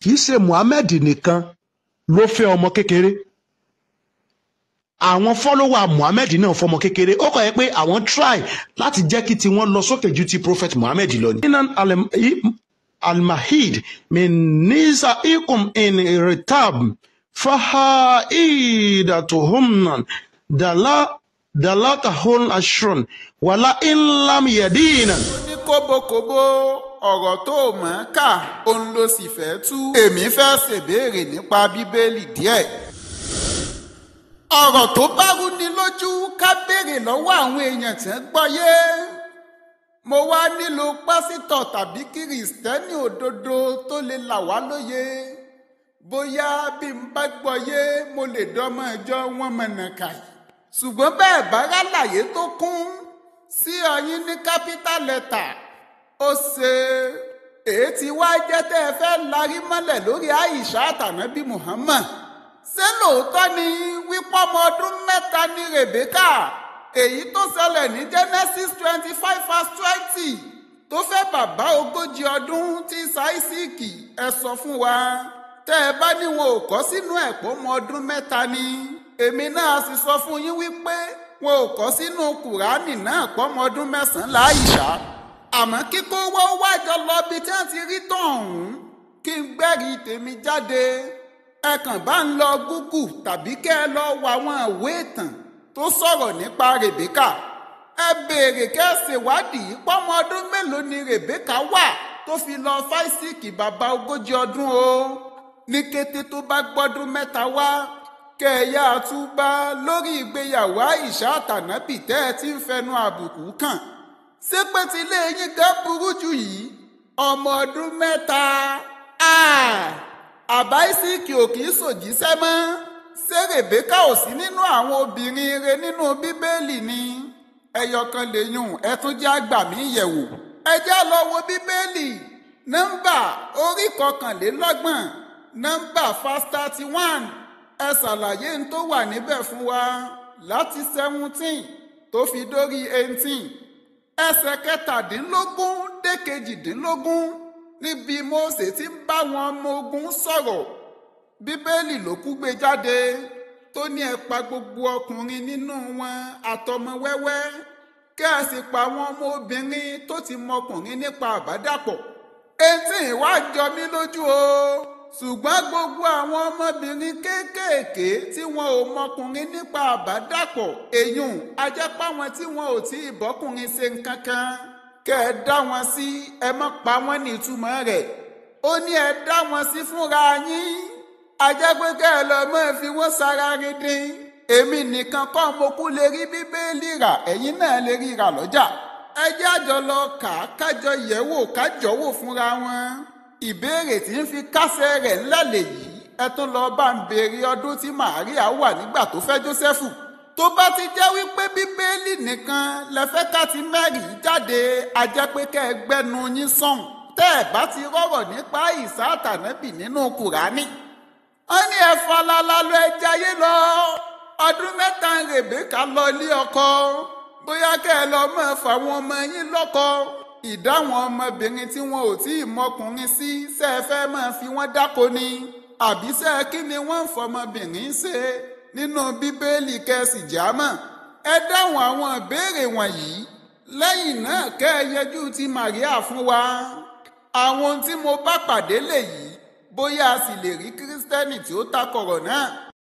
kì í ṣe Muhammed nìkan ló fẹ́ ọmọ kékeré àwọn fọ́lọ́wà Muhammed náà fọmọ kékeré ó kọ̀ yẹ pé àwọn try láti jẹ́ kí tiwọn lọ sókè ju ti prophet Muhammed lọ ni. inan almahid min nisa ikum in ritab fahaidatuhumnan dala dala ta dalatahun ashron, wala in lam yadinan kóbókóbó ọ̀rọ̀ tó mọ̀ ọ́n kà òun ló sì fẹ́ tú. èmi fẹ́ ṣèbéèrè nípa bíbélì díẹ̀. ọ̀rọ̀ tó bá rúni lójú ká béèrè lọ́wọ́ àwọn èèyàn tí ń gbọ́yé mo wá nílò pásítọ̀ tàbí kìrìsìtẹ́nì òdodo tó lè là wá lóye bóyá bí n bá gbọ́yé mo lè dọ́mọ ẹjọ́ wọn mọ̀nà kà ṣùgbọ́n bẹ́ẹ̀ bá rálàyé tó kún sí ọyìn ní capital letter ó ṣe èétí wá jẹ́ tẹ́ ẹ fẹ́ larí mọ́lẹ̀ lórí Àìṣà àtànábì Muhammad ṣé lóòótọ́ ni wípọ́ ọmọ ọdún mẹ́ta ní Rèbékà èyí tó ṣẹlẹ̀ ní Genesis twenty five verse twenty tó fẹ́ bàbá ogójì ọdún tí Sáísíkì ẹ sọ fún wa tẹ́ ẹ bá ní wọn ò kọ́ sínú ẹ̀pọ́ ọmọ ọdún mẹ́ta ni èmi náà sì sọ fún yín wípé wọn ò kọ́ sínú kùránì náà pọ́mọ ọdún mẹ́sàn-án láàyíṣà àmọ́ kíkó wá wájọ lọ bí tí wọ́n ti rí tọ̀hún kí n gbẹ́rìí tèmi jáde ẹ kàn bá ń lọ gúgù tàbí kẹ́ ẹ lọ wá àwọn ìwé ìtàn tó sọ̀rọ̀ nípa rèbékà ẹ béèrè kẹ́ ẹ ṣèwádìí pọ́mọ ọdún mélòó ni rèbékà wà tó fi lọ fáìsíkì bàbá ogójì ọdún o ní kété tó bá gbọ́dún mẹ́ta wá kẹ̀yà túbá lórí ìgbéyàwó àìṣà àtànábì tẹ́ ẹ ti ń fẹnu àbùkù kàn ṣé pé ti ilé yín gan burú jù yìí ọmọ ọdún mẹ́ta àbá ìsìnkì ò kì í sòjíṣẹ́ mọ́ ṣé rèbékà ò sí nínú àwọn obìnrin rẹ nínú bíbélì ni ẹyọ kan lè yùn ẹ tún jẹ́ àgbà mí yẹ̀wò ẹ já lọ wo bíbélì nọ́mbà orí kọkànlélọ́gbọ̀n nọ́mbà fásitátì one ẹ ṣàlàyé n tó wà níbẹ̀ fún wa láti seventeen tó fi dórí eighteen ẹsẹ̀ kẹtàdínlógún dé kejìdínlógún níbi Mósè ti ń bá wọn ọmọ ogun sọ̀rọ̀ bíbélì ló kú gbé jáde tó ní ẹ pa gbogbo ọkùnrin nínú wọn àtọmọ wẹ́wẹ́ kẹ́ ẹ sì pa àwọn ọmọ obìnrin tó ti mọkùnrin nípa àbádàpọ̀ eighteen wá jọ mí lójú o ṣùgbọ́n gbogbo àwọn ọmọbìnrin kéékèèké tí wọn ò mọkùnrin nípa àbádàpọ̀ èyùn ajẹ́pá wọn tí wọn ò tí ì bọ́kùnrin ṣe nǹkan kan ẹ dá wọn sí ẹ má pa wọ́n ní ìtumọ̀ rẹ̀ ó ní ẹ dá wọn sí fúnra yín ajẹ́pẹ́ kẹ́ ẹ lọ mọ́ ẹ fi wọ́n sára rindin èmi nìkan kọ́ mo kú lè rí bíbélì rà ẹ̀yin náà lè rí rà lọ́jà ẹ jẹ́ àjọ lọ kà á kájọ yẹ̀wò kájọ fúnra wọn ìbéèrè tí ń fi kásẹ̀ rẹ̀ lálẹ́ yìí ẹ tó lọ bá ń béèrè ọdún tí màríà wà nígbà tó fẹ́ jósẹ́fù tó bá ti jẹ́ wípé bíbélì nìkan lẹ fẹ́ ká ti mẹ́rì jáde a jẹ́ pé kẹ́ ẹ gbẹ́nu yín sọ̀hún tẹ́ ẹ bá ti rọ̀rọ̀ nípa ìsá àtànábì nínú kùránì wọ́n ní ẹ falala lọ ẹ lọ ọdún mẹ́ta rèbéka lọ ilé ọkọ bóyá kẹ́ ẹ lọ mọ̀ fáwọn ọmọ yín lọ́kọ ìdáwọn ọmọbìnrin tí wọn ò tí ì mọkùnrin sí ṣe é fẹ́ máa fi wọ́n dáko ni àbí kí ni wọ́n ń fọmọbìnrin ṣe nínú bíbélì kẹsì jámọ̀ ẹ dáhùn àwọn ìbéèrè wọ̀nyí lẹ́yìn náà kẹ́ ẹ yẹjú ti Màríà fún wa àwọn ohun tí mo bá pàdé lèyí bóyá a sì lè rí kírísítẹ́nì tí ó takọ̀rọ̀ náà